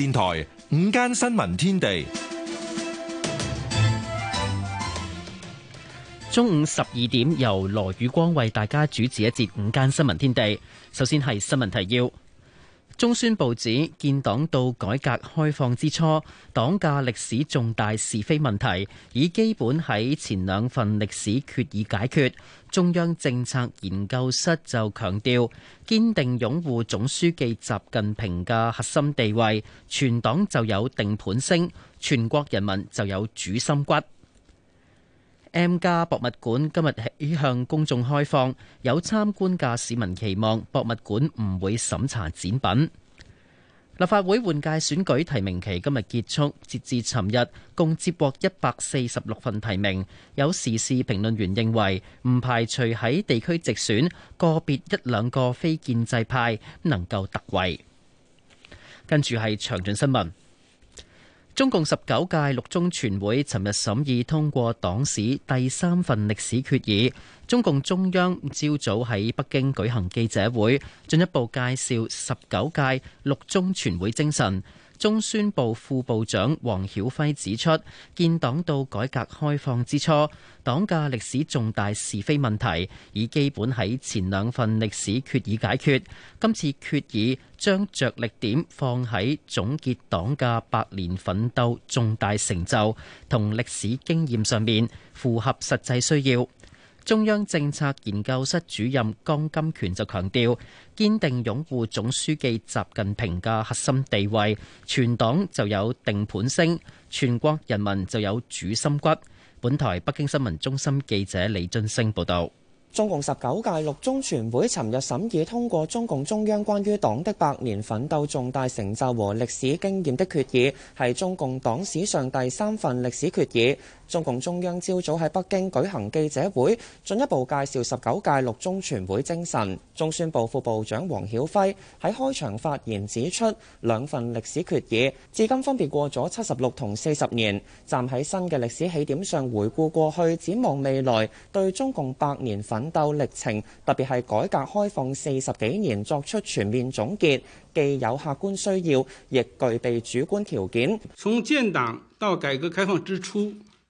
電台午間新聞天地，中午十二點由羅宇光為大家主持一節午間新聞天地。首先係新聞提要，中宣部指建黨到改革開放之初，黨嘅歷史重大是非問題已基本喺前兩份歷史決議解決。中央政策研究室就強調，堅定擁護總書記習近平嘅核心地位，全黨就有定盤星，全國人民就有主心骨。M+ 博物館今日起向公眾開放，有參觀嘅市民期望博物館唔會審查展品。立法會換屆選舉提名期今日結束，截至尋日共接獲一百四十六份提名。有時事評論員認為，唔排除喺地區直選個別一兩個非建制派能夠突圍。跟住係詳盡新聞。中共十九屆六中全會尋日審議通過黨史第三份歷史決議。中共中央朝早喺北京舉行記者會，進一步介紹十九屆六中全會精神。中宣部副部長王曉輝指出，建黨到改革開放之初，黨嘅歷史重大是非問題已基本喺前兩份歷史決議解決。今次決議將着力點放喺總結黨嘅百年奮鬥重大成就同歷史經驗上面，符合實際需要。中央政策研究室主任江金權就強調，堅定擁護總書記習近平嘅核心地位，全黨就有定盤星，全國人民就有主心骨。本台北京新聞中心記者李津升報道，中共十九屆六中全會尋日審議通過中共中央關於黨的百年奮鬥重大成就和歷史經驗的決議，係中共黨史上第三份歷史決議。中共中央朝早喺北京舉行記者會，進一步介紹十九屆六中全會精神。中宣部副部長黃曉輝喺開場發言指出，兩份歷史決議至今分別過咗七十六同四十年，站喺新嘅歷史起點上回顧過去、展望未來，對中共百年奮鬥歷程，特別係改革開放四十幾年作出全面總結，既有客觀需要，亦具備主觀條件。從建黨到改革開放之初。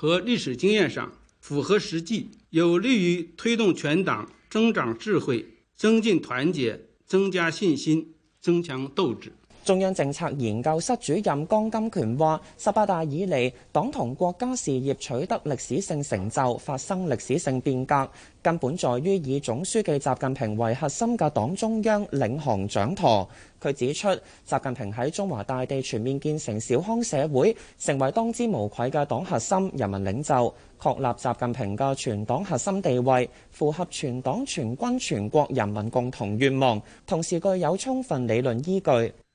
和歷史經驗上符合實際，有利於推動全黨增長智慧、增進團結、增加信心、增強鬥志。中央政策研究室主任江金權話：十八大以嚟，黨同國家事業取得歷史性成就，發生歷史性變革，根本在於以總書記習近平為核心嘅黨中央領航掌舵。佢指出，習近平喺中華大地全面建成小康社會，成為當之無愧嘅黨核心、人民領袖，確立習近平嘅全黨核心地位，符合全黨全軍全國人民共同願望，同時具有充分理論依據。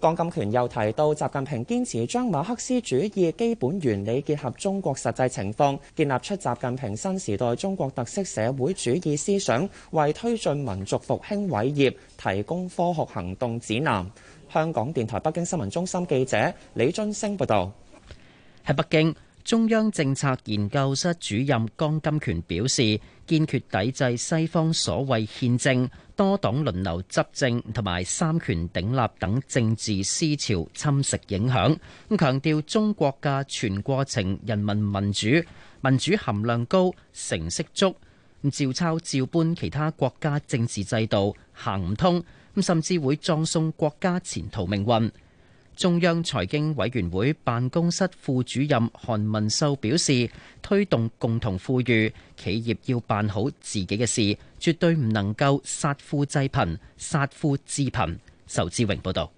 江金權又提到，習近平堅持將馬克思主義基本原理結合中國實際情況，建立出習近平新時代中國特色社會主義思想，為推進民族復興偉業提供科學行動指南。香港電台北京新聞中心記者李津升報道，喺北京。中央政策研究室主任江金權表示，堅決抵制西方所謂憲政、多黨輪流執政同埋三權鼎立等政治思潮侵蝕影響。強調，中國嘅全過程人民民主民主含量高、成色足。照抄照搬其他國家政治制度行唔通，甚至會葬送國家前途命運。中央財經委員會辦公室副主任韓文秀表示：推動共同富裕，企業要辦好自己嘅事，絕對唔能夠殺富濟貧、殺富致貧。仇志榮報導。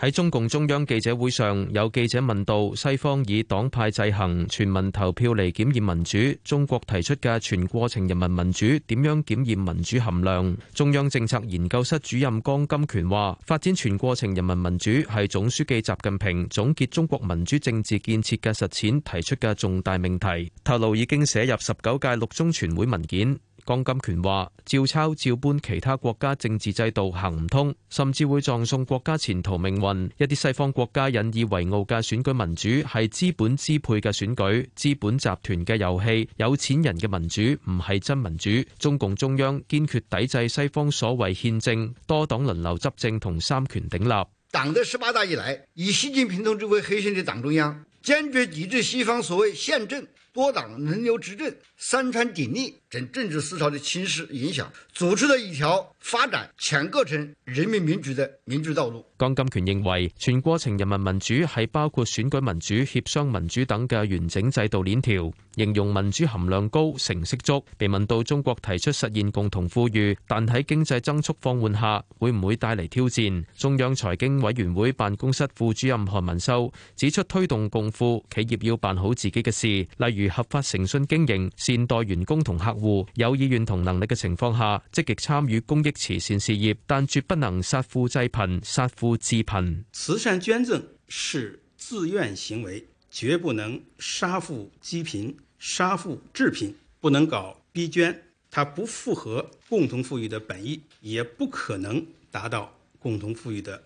喺中共中央記者會上，有記者問到西方以黨派制衡全民投票嚟檢驗民主，中國提出嘅全過程人民民主點樣檢驗民主含量？中央政策研究室主任江金權話：發展全過程人民民主係總書記習近平總結中國民主政治建設嘅實踐提出嘅重大命題，透露已經寫入十九屆六中全會文件。江金權話，照抄照搬其他國家政治制度行唔通，甚至會葬送國家前途命運。一啲西方國家引以為傲嘅選舉民主係資本支配嘅選舉，資本集團嘅遊戲，有錢人嘅民主，唔係真民主。中共中央堅決抵制西方所謂憲政、多黨輪流執政同三權鼎立。黨的十八大以來，以習近平同志為核心嘅黨中央堅決抵制西方所謂憲政、多黨輪流執政、三權鼎立。政治思潮的侵蝕影響，組織了一條發展全過程人民民主的民主道路。江金權認為，全過程人民民主係包括選舉民主、協商民主等嘅完整制度鏈條，形容民主含量高、成色足。被問到中國提出實現共同富裕，但喺經濟增速放緩下，會唔會帶嚟挑戰？中央財經委員會辦公室副主任韓文秀指出，推動共富，企業要辦好自己嘅事，例如合法誠信經營、善待員工同客戶。有意願同能力嘅情況下，積極參與公益慈善事業，但絕不能殺富濟貧、殺富致貧。慈善捐贈是自願行為，絕不能殺富濟貧、殺富致貧，不能搞逼捐，它不符合共同富裕的本意，也不可能達到共同富裕的。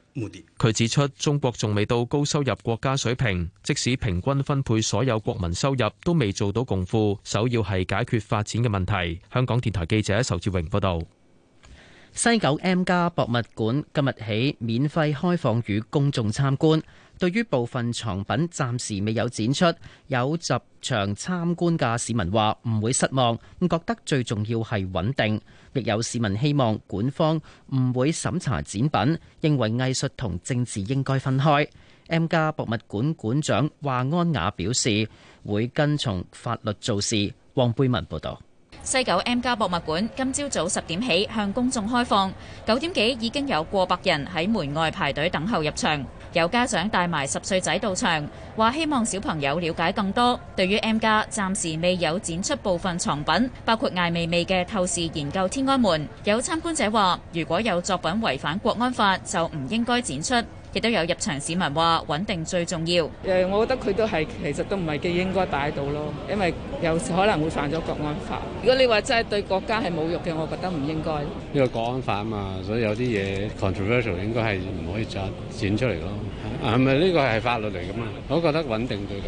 佢指出，中國仲未到高收入國家水平，即使平均分配所有國民收入，都未做到共富。首要係解決發展嘅問題。香港電台記者仇志榮報導。西九 M 家博物館今日起免費開放予公眾參觀。對於部分藏品暫時未有展出，有集場參觀嘅市民話唔會失望，咁覺得最重要係穩定。亦有市民希望館方唔會審查展品，認為藝術同政治應該分開。M+ 博物館館長華安雅表示會跟從法律做事。黃貝文報導。西九 M+ 博物館今朝早十點起向公眾開放，九點幾已經有過百人喺門外排隊等候入場。有家長帶埋十歲仔到場，話希望小朋友了解更多。對於 M 家，暫時未有展出部分藏品，包括艾未未嘅透視研究《天安門》。有參觀者話：如果有作品違反國安法，就唔應該展出。亦都有入場市民話穩定最重要。誒，我覺得佢都係其實都唔係幾應該帶到咯，因為有時可能會犯咗國安法。如果你話真係對國家係侮辱嘅，我覺得唔應該。因為國安法啊嘛，所以有啲嘢 controversial 應該係唔可以再展出嚟咯。啊，係咪呢個係法律嚟噶嘛？我覺得穩定最緊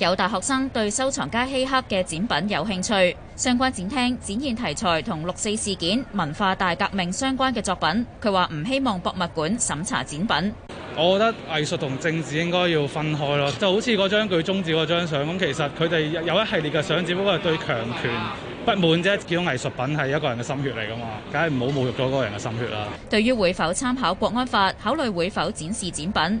要。有大學生對收藏家希克嘅展品有興趣。相關展廳展現題材同六四事件、文化大革命相關嘅作品。佢話唔希望博物館審查展品。我覺得藝術同政治應該要分開咯，就好似嗰張舉中指嗰張相咁。其實佢哋有一系列嘅相，只不過係對強權不滿啫。見到藝術品係一個人嘅心血嚟㗎嘛，梗係唔好侮辱咗嗰個人嘅心血啦。對於會否參考國安法，考慮會否展示展品？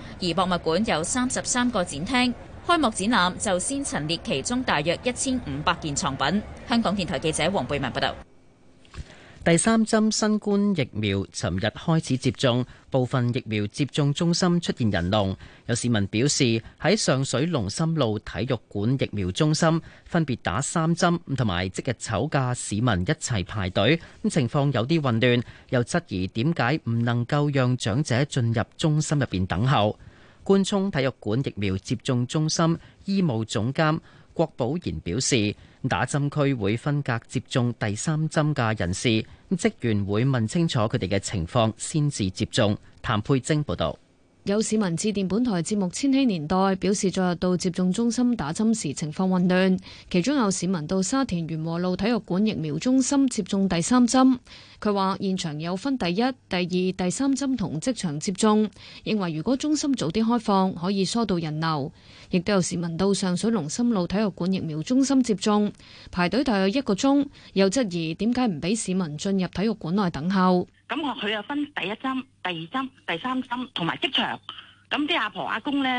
而博物館有三十三個展廳，開幕展覽就先陳列其中大約一千五百件藏品。香港電台記者黃貝文報道。第三針新冠疫苗尋日開始接種，部分疫苗接種中心出現人龍。有市民表示喺上水龍琛路體育館疫苗中心分別打三針，同埋即日籌嘅市民一齊排隊，咁情況有啲混亂，又質疑點解唔能夠讓長者進入中心入邊等候。官涌體育館疫苗接種中心醫務總監郭寶賢表示，打針區會分隔接種第三針嘅人士，職員會問清楚佢哋嘅情況先至接種。譚佩晶報道。有市民致電本台節目《千禧年代》，表示昨日到接種中心打針時情況混亂，其中有市民到沙田元和路體育館疫苗中心接種第三針。佢話現場有分第一、第二、第三針同即場接種，認為如果中心早啲開放，可以疏導人流。亦都有市民到上水龍心路體育館疫苗中心接種，排隊大約一個鐘，又質疑點解唔俾市民進入體育館內等候。咁我佢又分第一針、第二針、第三針，同埋職場。咁啲阿婆阿公咧，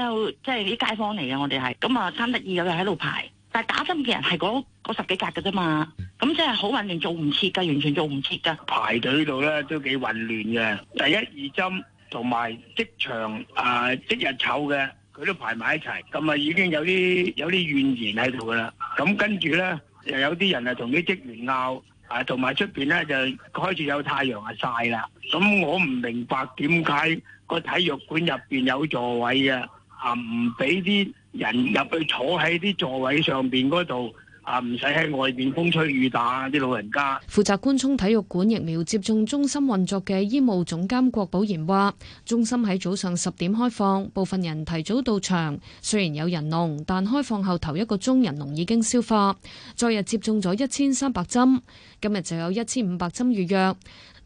即係啲街坊嚟嘅，我哋係咁啊，三得意嘅喺度排，但係打針嘅人係嗰個十幾格嘅啫嘛。咁即係好混亂，做唔切㗎，完全做唔切㗎。排隊度咧都幾混亂嘅，第一、二針同埋職場啊，即日湊嘅，佢都排埋一齊，咁啊已經有啲有啲怨言喺度㗎啦。咁跟住咧又有啲人啊同啲職員拗。啊，同埋出邊咧就開始有太陽啊曬啦，咁我唔明白點解個體育館入邊有座位嘅啊，唔俾啲人入去坐喺啲座位上邊嗰度。啊！唔使喺外邊風吹雨打，啲老人家負責官涌體育館疫苗接種中心運作嘅醫務總監郭寶賢話，中心喺早上十點開放，部分人提早到場。雖然有人龍，但開放後頭一個鐘人龍已經消化。昨日接種咗一千三百針，今日就有一千五百針預約。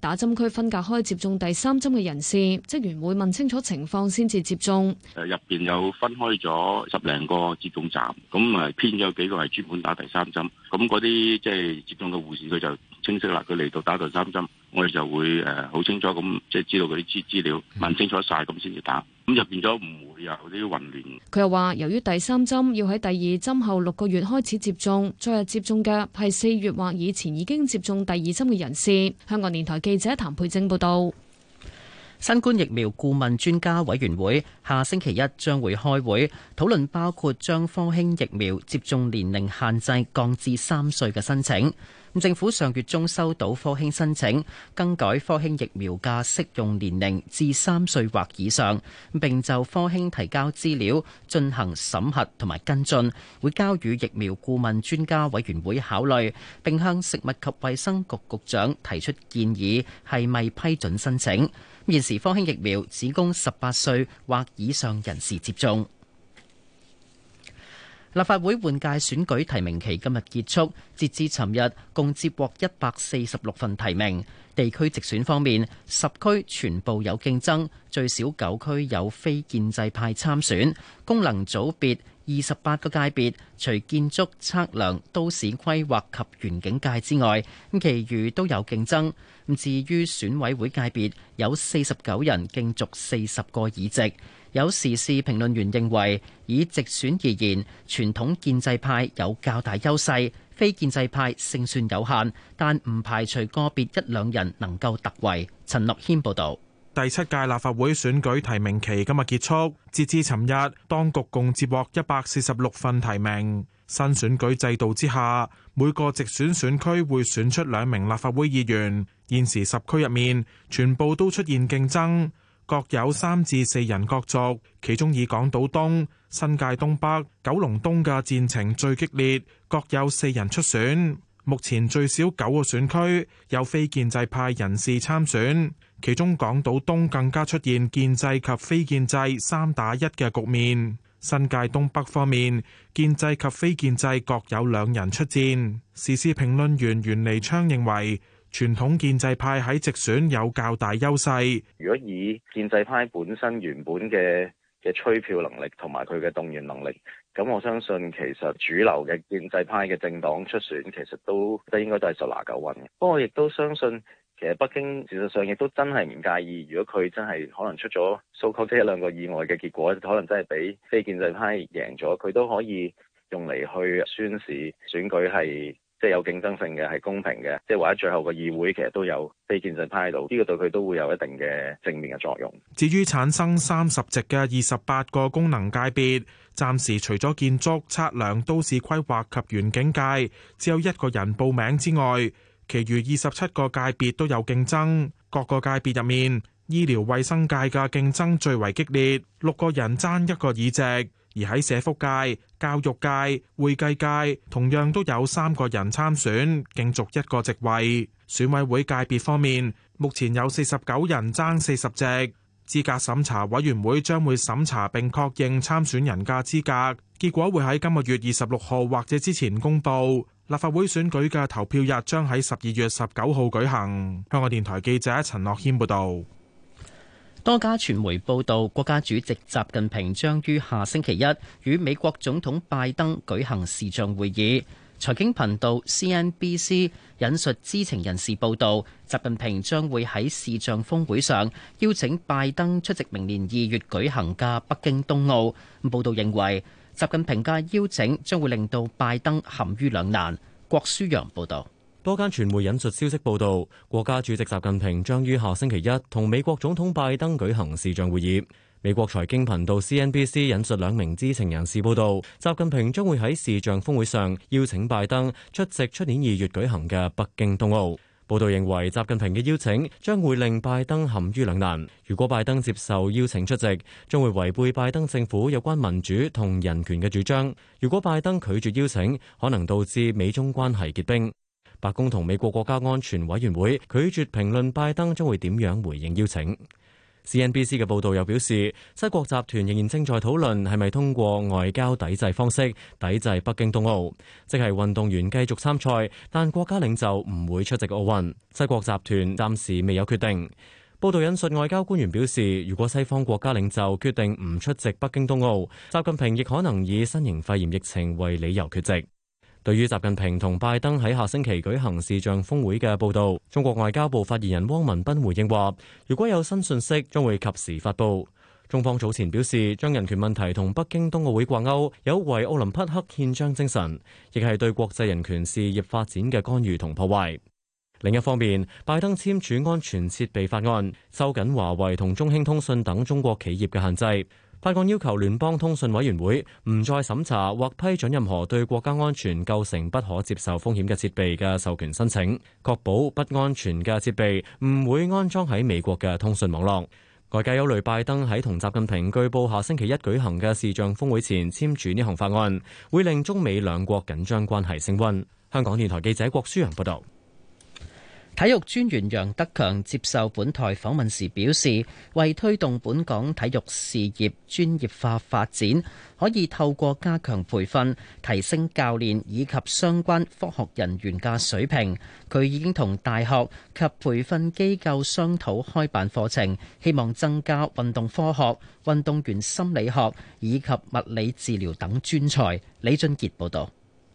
打針區分隔開接種第三針嘅人士，職員會問清楚情況先至接種。誒，入面有分開咗十零個接種站，咁誒編咗幾個係專門打第三針，咁嗰啲即係接種嘅護士，佢就清晰啦，佢嚟到打第三針。我哋就會誒好清楚咁，即係知道嗰啲資資料問清楚晒咁先至打，咁就變咗唔會有啲混亂。佢又話，由於第三針要喺第二針後六個月開始接種，昨日接種嘅係四月或以前已經接種第二針嘅人士。香港電台記者譚佩貞報道。新冠疫苗顧問專家委員會下星期一將會開會討論，包括將科興疫苗接種年齡限制降至三歲嘅申請。咁政府上月中收到科興申請更改科興疫苗嘅適用年齡至三歲或以上，並就科興提交資料進行審核同埋跟進，會交予疫苗顧問專家委員會考慮，並向食物及衛生局局長提出建議，係咪批准申請。現時科興疫苗只供十八歲或以上人士接種。立法會換屆選舉提名期今日結束，截至尋日共接獲一百四十六份提名。地區直選方面，十區全部有競爭，最少九區有非建制派參選。功能組別二十八個界別，除建築、測量、都市規劃及園景界之外，其餘都有競爭。至於選委會界別有四十九人競逐四十個議席，有時事評論員認為以直選而言，傳統建制派有較大優勢，非建制派勝算有限，但唔排除個別一兩人能夠突圍。陳樂軒報導，第七屆立法會選舉提名期今日結束，截至尋日，當局共接獲一百四十六份提名。新選舉制度之下，每個直選選區會選出兩名立法會議員。現時十區入面，全部都出現競爭，各有三至四人角逐。其中以港島東、新界東北、九龍東嘅戰情最激烈，各有四人出選。目前最少九個選區有非建制派人士參選，其中港島東更加出現建制及非建制三打一嘅局面。新界東北方面，建制及非建制各有兩人出戰。時事評論員袁彌昌認為，傳統建制派喺直選有較大優勢。如果以建制派本身原本嘅嘅催票能力同埋佢嘅動員能力，咁我相信其實主流嘅建制派嘅政黨出選，其實都都應該都係十拿九穩嘅。不過亦都相信。其實北京事實上亦都真係唔介意，如果佢真係可能出咗數個即一兩個意外嘅結果，可能真係俾非建制派贏咗，佢都可以用嚟去宣示選舉係即係有競爭性嘅，係公平嘅，即係或者最後個議會其實都有非建制派喺度，呢個對佢都會有一定嘅正面嘅作用。至於產生三十席嘅二十八個功能界別，暫時除咗建築、測量、都市規劃及園景界，只有一個人報名之外。其餘二十七個界別都有競爭，各個界別入面，醫療衛生界嘅競爭最為激烈，六個人爭一個議席。而喺社福界、教育界、會計界，同樣都有三個人參選，競逐一個席位。選委會界別方面，目前有四十九人爭四十席。資格審查委員會將會審查並確認參選人嘅資格，結果會喺今個月二十六號或者之前公布。立法會選舉嘅投票日將喺十二月十九號舉行。香港電台記者陳樂謙報道。多家傳媒報道，國家主席習近平將於下星期一與美國總統拜登舉行視像會議。財經頻道 CNBC 引述知情人士報道，習近平將會喺視像峰會上邀請拜登出席明年二月舉行嘅北京冬奧。報道認為，習近平嘅邀請將會令到拜登陷於兩難。郭書洋報道，多間傳媒引述消息報道，國家主席習近平將於下星期一同美國總統拜登舉行視像會議。美國財經頻道 CNBC 引述兩名知情人士報道，習近平將會喺視像峰會上邀請拜登出席出年二月舉行嘅北京冬奧會。報道認為，習近平嘅邀請將會令拜登陷於兩難。如果拜登接受邀請出席，將會違背拜登政府有關民主同人權嘅主張；如果拜登拒絕邀請，可能導致美中關係結冰。白宮同美國國家安全委員會拒絕評論拜登將會點樣回應邀請。CNBC 嘅報導又表示，七國集團仍然正在討論係咪通過外交抵制方式抵制北京冬奧，即係運動員繼續參賽，但國家領袖唔會出席奧運。七國集團暫時未有決定。報導引述外交官員表示，如果西方國家領袖決定唔出席北京冬奧，習近平亦可能以新型肺炎疫情為理由缺席。對於習近平同拜登喺下星期舉行視像峰會嘅報道，中國外交部發言人汪文斌回應話：如果有新信息，將會及時發布。中方早前表示，將人權問題同北京冬奧會掛鈎，有違奧林匹克憲章精神，亦係對國際人權事業發展嘅干預同破壞。另一方面，拜登簽署安全設備法案，收緊華為同中興通訊等中國企業嘅限制。法案要求聯邦通訊委員會唔再審查或批准任何對國家安全構成不可接受風險嘅設備嘅授權申請，確保不安全嘅設備唔會安裝喺美國嘅通訊網絡。外界憂慮拜登喺同習近平據報下星期一舉行嘅視像峰會前簽署呢項法案，會令中美兩國緊張關係升溫。香港電台記者郭舒揚報道。體育專員楊德強接受本台訪問時表示，為推動本港體育事業專業化發展，可以透過加強培訓，提升教練以及相關科學人員嘅水平。佢已經同大學及培訓機構商討開辦課程，希望增加運動科學、運動員心理學以及物理治療等專才。李俊傑報導。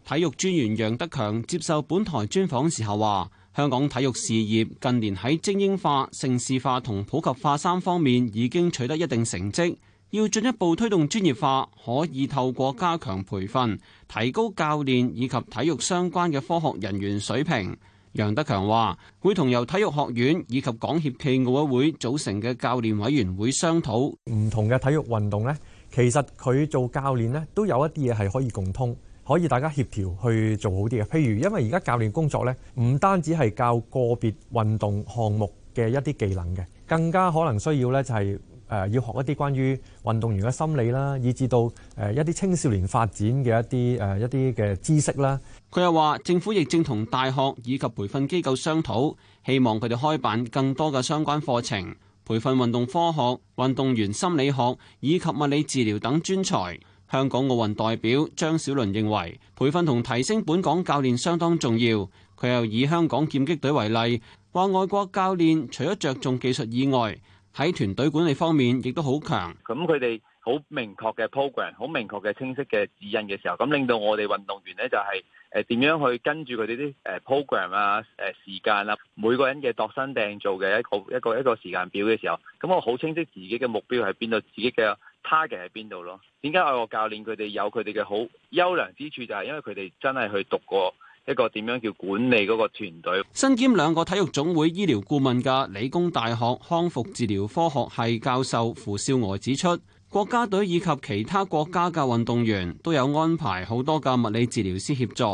體育專員楊德強接受本台專訪時候話：香港體育事業近年喺精英化、城市化同普及化三方面已經取得一定成績，要進一步推動專業化，可以透過加強培訓，提高教練以及體育相關嘅科學人員水平。楊德強話：會同由體育學院以及港協暨奧委會組成嘅教練委員會商討，唔同嘅體育運動呢，其實佢做教練呢，都有一啲嘢係可以共通。可以大家協調去做好啲嘅，譬如因為而家教練工作咧，唔單止係教個別運動項目嘅一啲技能嘅，更加可能需要咧就係誒要學一啲關於運動員嘅心理啦，以至到誒一啲青少年發展嘅一啲誒一啲嘅知識啦。佢又話，政府亦正同大學以及培訓機構商討，希望佢哋開辦更多嘅相關課程，培訓運動科學、運動員心理學以及物理治療等專才。香港奧運代表張小倫認為，培訓同提升本港教練相當重要。佢又以香港劍擊隊為例，話外國教練除咗着重技術以外，喺團隊管理方面亦都好強。咁佢哋好明確嘅 program，好明確嘅清晰嘅指引嘅時候，咁令到我哋運動員呢就係、是。誒，點樣去跟住佢哋啲誒 program 啊，誒時間啦、啊，每個人嘅度身訂造嘅一個一個一個時間表嘅時候，咁我好清晰自己嘅目標喺邊度，自己嘅 target 喺邊度咯。點解我個教練佢哋有佢哋嘅好優良之處，就係因為佢哋真係去讀過一個點樣叫管理嗰個團隊。身兼兩個體育總會醫療顧問嘅理工大學康復治療科學系教授符少娥指出。國家隊以及其他國家嘅運動員都有安排好多嘅物理治療師協助，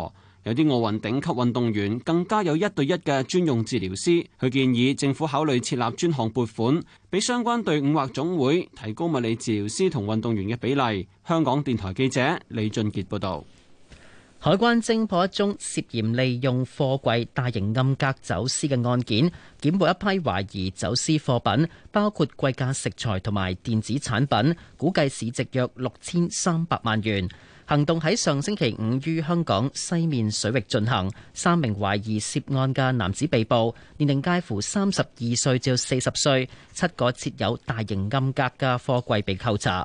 有啲奧運頂級運動員更加有一對一嘅專用治療師。佢建議政府考慮設立專項撥款，俾相關隊伍或總會提高物理治療師同運動員嘅比例。香港電台記者李俊傑報導。海關偵破一宗涉嫌利用貨櫃大型暗格走私嘅案件，檢獲一批懷疑走私貨品，包括貴價食材同埋電子產品，估計市值約六千三百萬元。行動喺上星期五於香港西面水域進行，三名懷疑涉案嘅男子被捕，年齡介乎三十二歲至四十歲，七個設有大型暗格嘅貨櫃被扣查。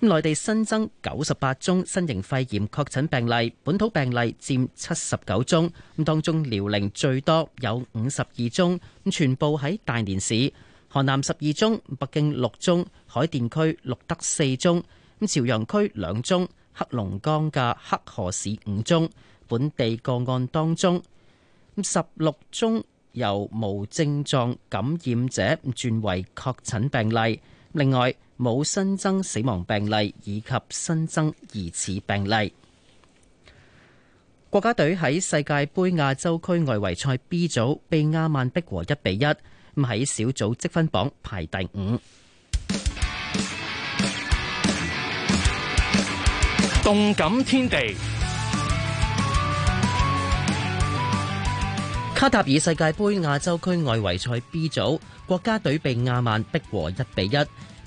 內地新增九十八宗新型肺炎確診病例，本土病例佔七十九宗。咁當中遼寧最多有五十二宗，全部喺大連市。河南十二宗，北京六宗，海淀區錄得四宗，朝陽區兩宗，黑龍江嘅黑河市五宗。本地個案當中，十六宗由無症狀感染者轉為確診病例。另外，冇新增死亡病例以及新增疑似病例。國家隊喺世界杯亞洲區外圍賽 B 組被亞曼逼和一比一，咁喺小組積分榜排第五。動感天地，卡塔爾世界杯亞洲區外圍賽 B 組，國家隊被亞曼逼和一比一。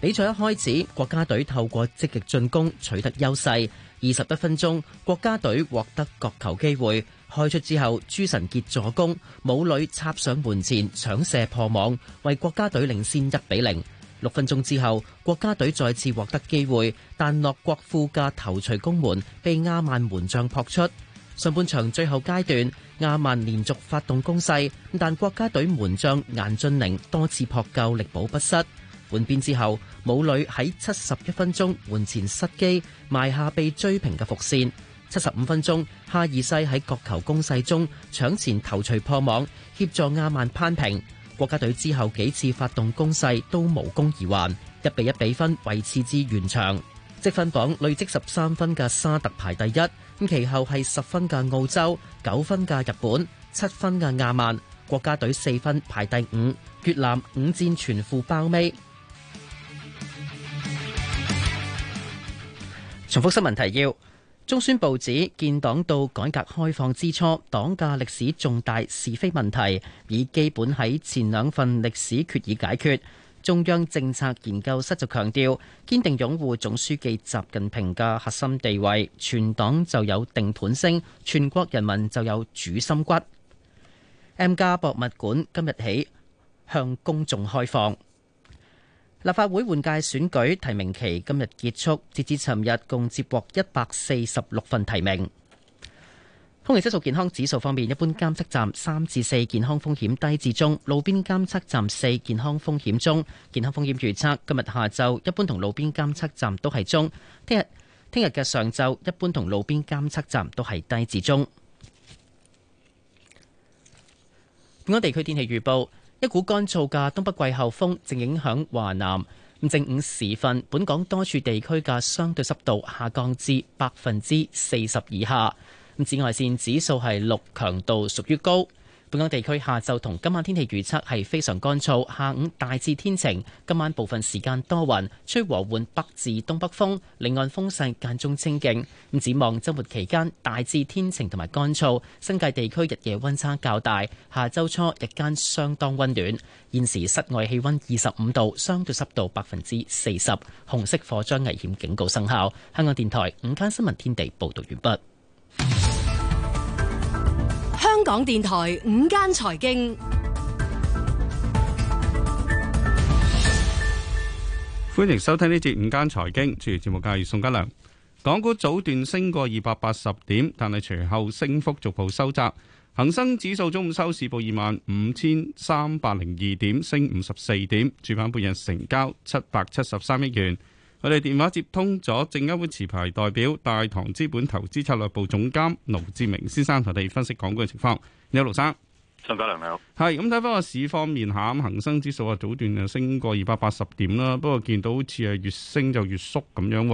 比賽一開始，國家隊透過積極進攻取得優勢。二十一分鐘，國家隊獲得角球機會，開出之後朱晨傑助攻武磊插上門前搶射破網，為國家隊領先一比零。六分鐘之後，國家隊再次獲得機會，但洛國富嘅頭錘攻門被阿曼門將撲出。上半場最後階段，阿曼連續發動攻勢，但國家隊門將顏駿凌多次撲救力保不失。換邊之後，武磊喺七十一分鐘換前失機，埋下被追平嘅伏線。七十五分鐘，哈爾西喺角球攻勢中搶前頭槌破網，協助亞曼攀平。國家隊之後幾次發動攻勢都無功而還，一比一比分維持至完場。積分榜累積十三分嘅沙特排第一，咁其後係十分嘅澳洲、九分嘅日本、七分嘅亞曼，國家隊四分排第五。越南五戰全負包尾。重複新聞提要：中宣部指，建黨到改革開放之初，黨嘅歷史重大是非問題已基本喺前兩份歷史決議解決。中央政策研究室就強調，堅定擁護總書記習近平嘅核心地位，全黨就有定盤星，全國人民就有主心骨。M+ 博物館今日起向公眾開放。立法會換屆選舉提名期今日結束，截至尋日共接獲一百四十六份提名。空氣質素健康指數方面，一般監測站三至四，健康風險低至中；路邊監測站四，健康風險中。健康風險預測今日下晝一般同路邊監測站都係中，聽日聽日嘅上晝一般同路邊監測站都係低至中。本港地區天氣預報。一股乾燥嘅東北季候風正影響華南，正午時分，本港多處地區嘅相對濕度下降至百分之四十以下，紫外線指數係六，強度屬於高。本港地區下晝同今晚天氣預測係非常乾燥，下午大致天晴，今晚部分時間多雲，吹和緩北至東北風，離岸風勢間中清勁。咁展望周末期間大致天晴同埋乾燥，新界地區日夜溫差較大，下周初日間相當溫暖。現時室外氣溫二十五度，相對濕度百分之四十，紅色火災危險警告生效。香港電台午間新聞天地報道完畢。港電台午間財經，歡迎收聽呢節午間財經。主持節目嘅係宋家良。港股早段升過二百八十點，但係隨後升幅逐步收窄。恒生指數中午收市報二萬五千三百零二點，升五十四點。主板半日成交七百七十三億元。我哋電話接通咗證監會持牌代表大堂資本投資策略部總監盧志明先生，同你哋分析港股嘅情況。你好，盧生。陳家良你好。係咁睇翻個市方面下咁恒生指數啊，早段啊升過二百八十點啦，不過見到好似係越升就越縮咁樣。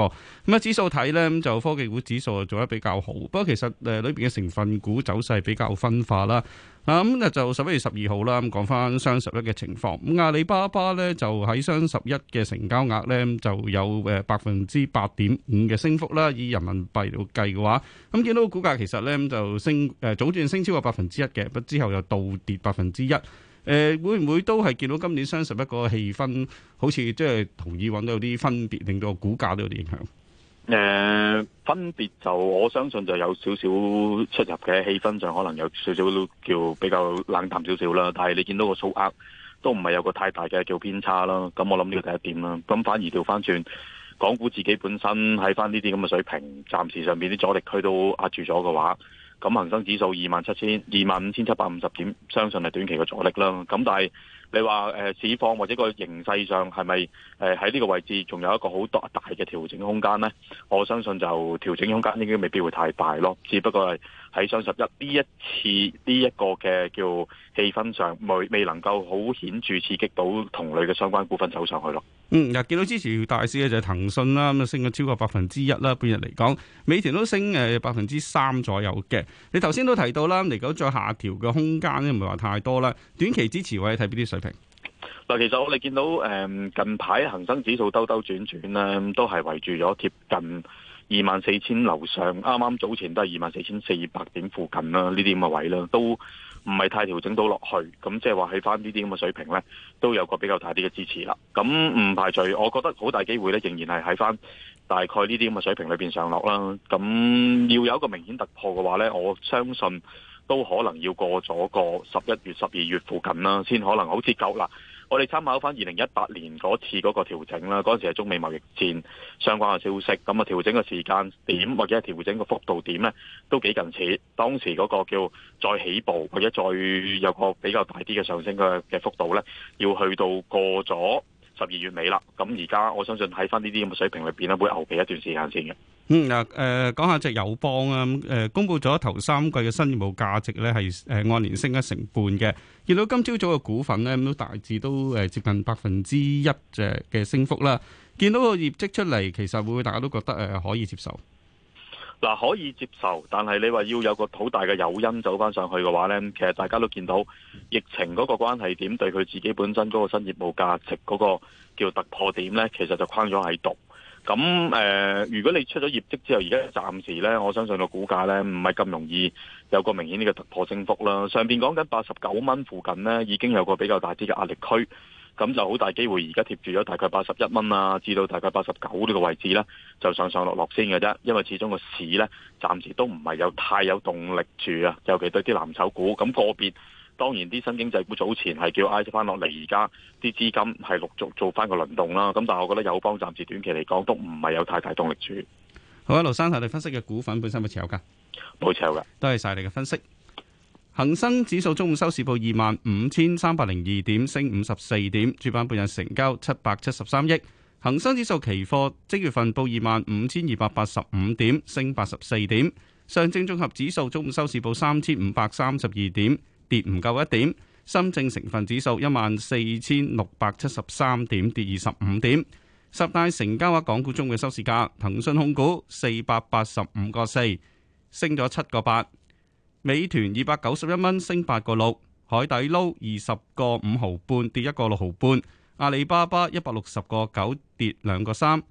咁啊指數睇呢，咁就科技股指數做得比較好，不過其實誒裏邊嘅成分股走勢比較分化啦。啊、嗯，咁就十一月十二號啦，咁講翻雙十一嘅情況。咁阿里巴巴咧就喺雙十一嘅成交額咧就有誒百分之八點五嘅升幅啦，以人民幣嚟計嘅話，咁、嗯、見到股價其實咧就升誒、呃，早轉升超過百分之一嘅，不之後又倒跌百分之一。誒，會唔會都係見到今年雙十一個氣氛好似即係同以往都有啲分別，令到股價都有啲影響？誒、uh...。分別就我相信就有少少出入嘅氣氛上，可能有少少叫比較冷淡少少啦。但係你見到個數額都唔係有個太大嘅叫偏差啦。咁我諗呢個第一點啦。咁反而調翻轉，港股自己本身喺翻呢啲咁嘅水平，暫時上面啲阻力區都壓住咗嘅話，咁恒生指數二萬七千、二萬五千七百五十點，相信係短期嘅阻力啦。咁但係，你話誒市況或者個形勢上係咪誒喺呢個位置仲有一個好大大嘅調整空間咧？我相信就調整空間應該未必會太大咯，只不過係。睇雙十一呢一次呢一個嘅叫氣氛上未未能夠好顯著刺激到同類嘅相關股份走上去咯。嗯，又見到支持大市嘅就係、是、騰訊啦，咁啊升咗超過百分之一啦，半日嚟講，美團都升誒百分之三左右嘅。你頭先都提到啦，嚟講再下調嘅空間咧唔係話太多啦，短期支持位睇邊啲水平？嗱，其實我哋見到誒、嗯、近排恒生指數兜兜轉轉咧，都係圍住咗貼近。二萬四千樓上，啱啱早前都係二萬四千四百點附近啦，呢啲咁嘅位啦，都唔係太調整到落去，咁即係話喺返呢啲咁嘅水平呢，都有個比較大啲嘅支持啦。咁唔排除，我覺得好大機會呢，仍然係喺返大概呢啲咁嘅水平裏面上落啦。咁要有一個明顯突破嘅話呢，我相信都可能要過咗個十一月、十二月附近啦，先可能好似夠啦。我哋參考翻二零一八年嗰次嗰個調整啦，嗰陣時係中美貿易戰相關嘅消息，咁啊調整嘅時間點或者係調整嘅幅度點呢，都幾近似。當時嗰個叫再起步或者再有個比較大啲嘅上升嘅嘅幅度呢，要去到過咗十二月尾啦。咁而家我相信喺翻呢啲咁嘅水平裏邊，咧，會牛皮一段時間先嘅。嗯嗱，誒、呃，講下隻友邦啊，誒、呃，公布咗頭三季嘅新業務價值咧，係誒按年升一成半嘅。見到今朝早嘅股份咧，咁都大致都誒接近百分之一嘅嘅升幅啦。見到個業績出嚟，其實會，會大家都覺得誒、呃、可以接受。嗱，可以接受，但係你話要有個好大嘅誘因走翻上去嘅話咧，其實大家都見到疫情嗰個關係點對佢自己本身嗰個新業務價值嗰、那個叫突破點咧，其實就框咗喺度。咁誒、呃，如果你出咗業績之後，而家暫時呢，我相信個股價呢唔係咁容易有個明顯呢個突破升幅啦。上面講緊八十九蚊附近呢，已經有個比較大啲嘅壓力區，咁就好大機會而家貼住咗大概八十一蚊啊，至到大概八十九呢個位置呢，就上上落落先嘅啫。因為始終個市呢，暫時都唔係有太有動力住啊，尤其對啲藍籌股，咁、那個別。當然，啲新經濟股早前係叫挨翻落嚟，而家啲資金係陸續做翻個輪動啦。咁但係，我覺得友邦暫時短期嚟講都唔係有太大動力處。住好啊，劉生，睇你分析嘅股份本身有冇持有噶？冇持有噶。多謝晒你嘅分析。恒生指數中午收市報二萬五千三百零二點，升五十四點。主板半日成交七百七十三億。恒生指數期貨即月份報二萬五千二百八十五點，升八十四點。上證綜合指數中午收市報三千五百三十二點。跌唔夠一點，深證成分指數一萬四千六百七十三點，跌二十五點。十大成交額港股中嘅收市價，騰訊控股四百八十五個四，升咗七個八；美團二百九十一蚊，升八個六；海底撈二十個五毫半，跌一個六毫半；阿里巴巴一百六十個九，跌兩個三；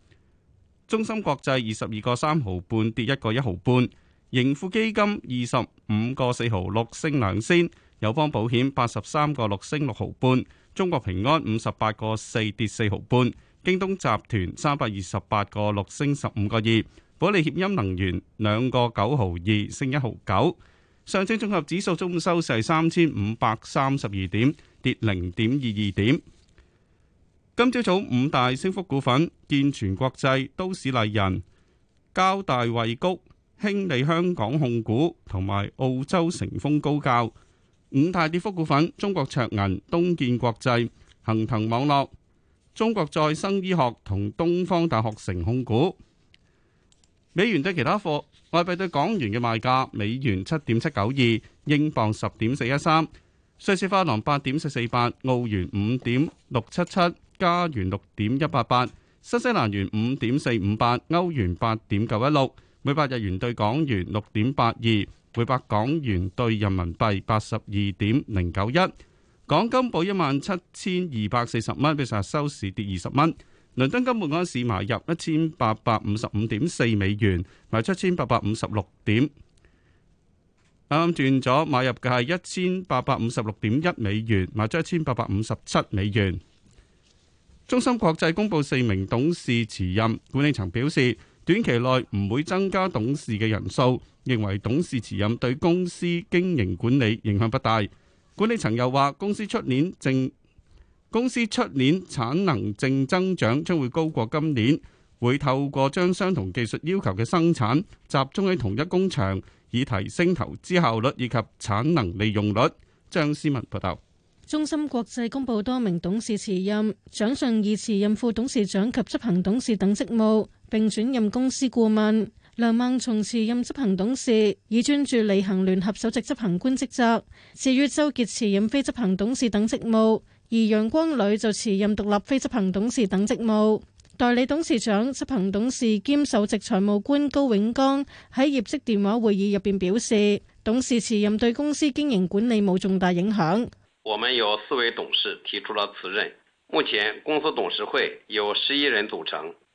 中芯國際二十二個三毫半，跌一個一毫半；盈富基金二十五個四毫六，升兩仙。友邦保險八十三個六，升六毫半。中國平安五十八個四，跌四毫半。京東集團三百二十八個六，升十五個二。保利協鑫能源兩個九毫二，升一毫九。上證綜合指數中午收市三千五百三十二點，跌零點二二點。今朝早五大升幅股份：建泉國際、都市麗人、交大惠谷、興利香港控股同埋澳洲成峰高教。五大跌幅股份：中國卓銀、東建國際、恆騰網絡、中國再生醫學同東方大學城控股。美元兌其他貨外幣兌港元嘅賣價：美元七點七九二，英鎊十點四一三，瑞士法郎八點四四八，澳元五點六七七，加元六點一八八，新西蘭元五點四五八，歐元八點九一六，每百日元兌港元六點八二。每百港元兌人民幣八十二點零九一，港金報一萬七千二百四十蚊，比成收市跌二十蚊。倫敦金每安士買入一千八百五十五點四美元，賣出一千八百五十六點。啱轉咗買入嘅係一千八百五十六點一美元，賣出一千八百五十七美元。中心國際公布四名董事辭任，管理層表示短期內唔會增加董事嘅人數。認為董事辭任對公司經營管理影響不大。管理層又話，公司出年正公司出年產能正增長，將會高過今年。會透過將相同技術要求嘅生產集中喺同一工場，以提升投資效率以及產能利用率。張思文報道。中芯國際公布多名董事辭任，蔣尚義辭任副董事長及執行董事等職務，並轉任公司顧問。梁孟松辭任執行董事，以專注履行聯合首席執行官職責；至於周杰辭任非執行董事等職務，而楊光磊就辭任獨立非執行董事等職務。代理董事長、執行董事兼首席財務官高永剛喺業績電話會議入邊表示，董事辭任對公司經營管理冇重大影響。我們有四位董事提出了辭任，目前公司董事會由十一人組成。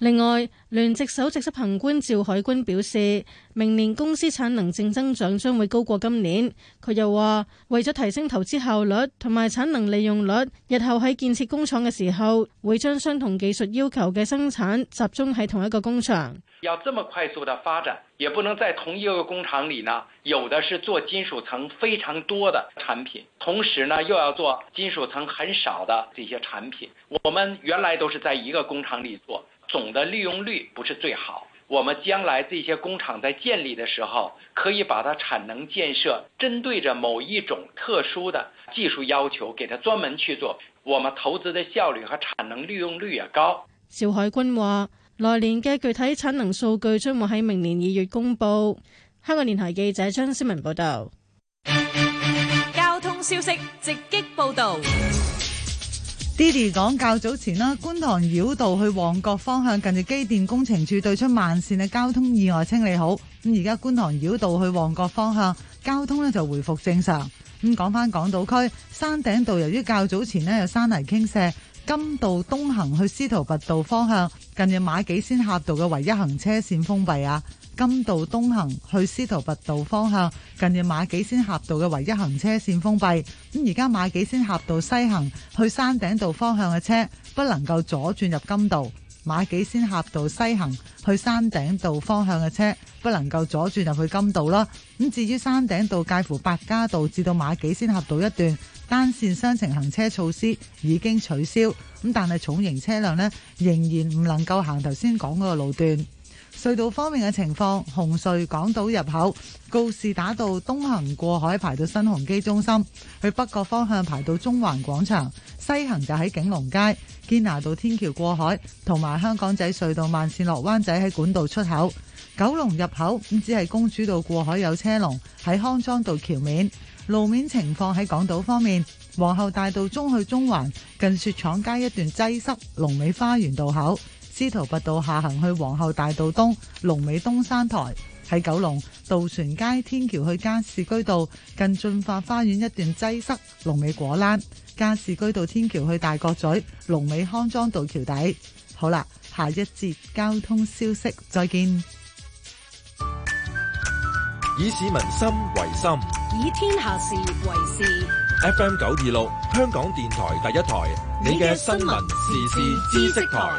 另外，聯席首席執行官趙海軍表示，明年公司產能正增長將會高過今年。佢又話，為咗提升投資效率同埋產能利用率，日後喺建設工廠嘅時候，會將相同技術要求嘅生產集中喺同一個工廠。要這麼快速的發展，也不能在同一個工廠裏呢，有的是做金屬層非常多的產品，同時呢又要做金屬層很少的這些產品。我們原來都是在一個工廠裏做。總的利用率不是最好。我們將來這些工廠在建立的時候，可以把它產能建設針對着某一種特殊的技術要求，給它專門去做。我們投資的效率和產能利用率也高。趙海軍話：來年嘅具體產能數據將會喺明年二月公布。香港電台記者張思文報道。交通消息直擊報道。Diddy 講較早前啦，觀塘繞道去旺角方向，近住機電工程處對出慢線嘅交通意外清理好，咁而家觀塘繞道去旺角方向交通呢就回復正常。咁講翻港島區，山頂道由於較早前呢有山泥傾瀉，甘道東行去司徒拔道方向，近住馬己仙峽道嘅唯一行車線封閉啊。甘道東行去司徒拔道方向，近日馬己仙峽道嘅唯一行車線封閉。咁而家馬己仙峽道西行去山頂道方向嘅車，不能夠左轉入甘道；馬己仙峽道西行去山頂道方向嘅車，不能夠左轉入去甘道啦。咁至於山頂道介乎白加道至到馬己仙峽道一段，單線雙程行車措施已經取消。咁但係重型車輛呢，仍然唔能夠行頭先講嗰個路段。隧道方面嘅情況，紅隧港島入口、告士打道東行過海排到新鴻基中心；去北角方向排到中環廣場，西行就喺景龍街、堅拿道天橋過海，同埋香港仔隧道慢線落灣仔喺管道出口。九龍入口咁，只係公主道過海有車龍，喺康莊道橋面。路面情況：喺港島方面，皇后大道中去中環近雪廠街一段擠塞，龍尾花園道口。司徒拔道下行去皇后大道東龍尾東山台喺九龍渡船街天橋去加士居道近駿發花園一段擠塞龍尾果欄加士居道天橋去大角咀龍尾康莊道橋底好啦下一節交通消息再見以市民心為心以天下事為事 FM 九二六香港電台第一台你嘅新聞時事知識台。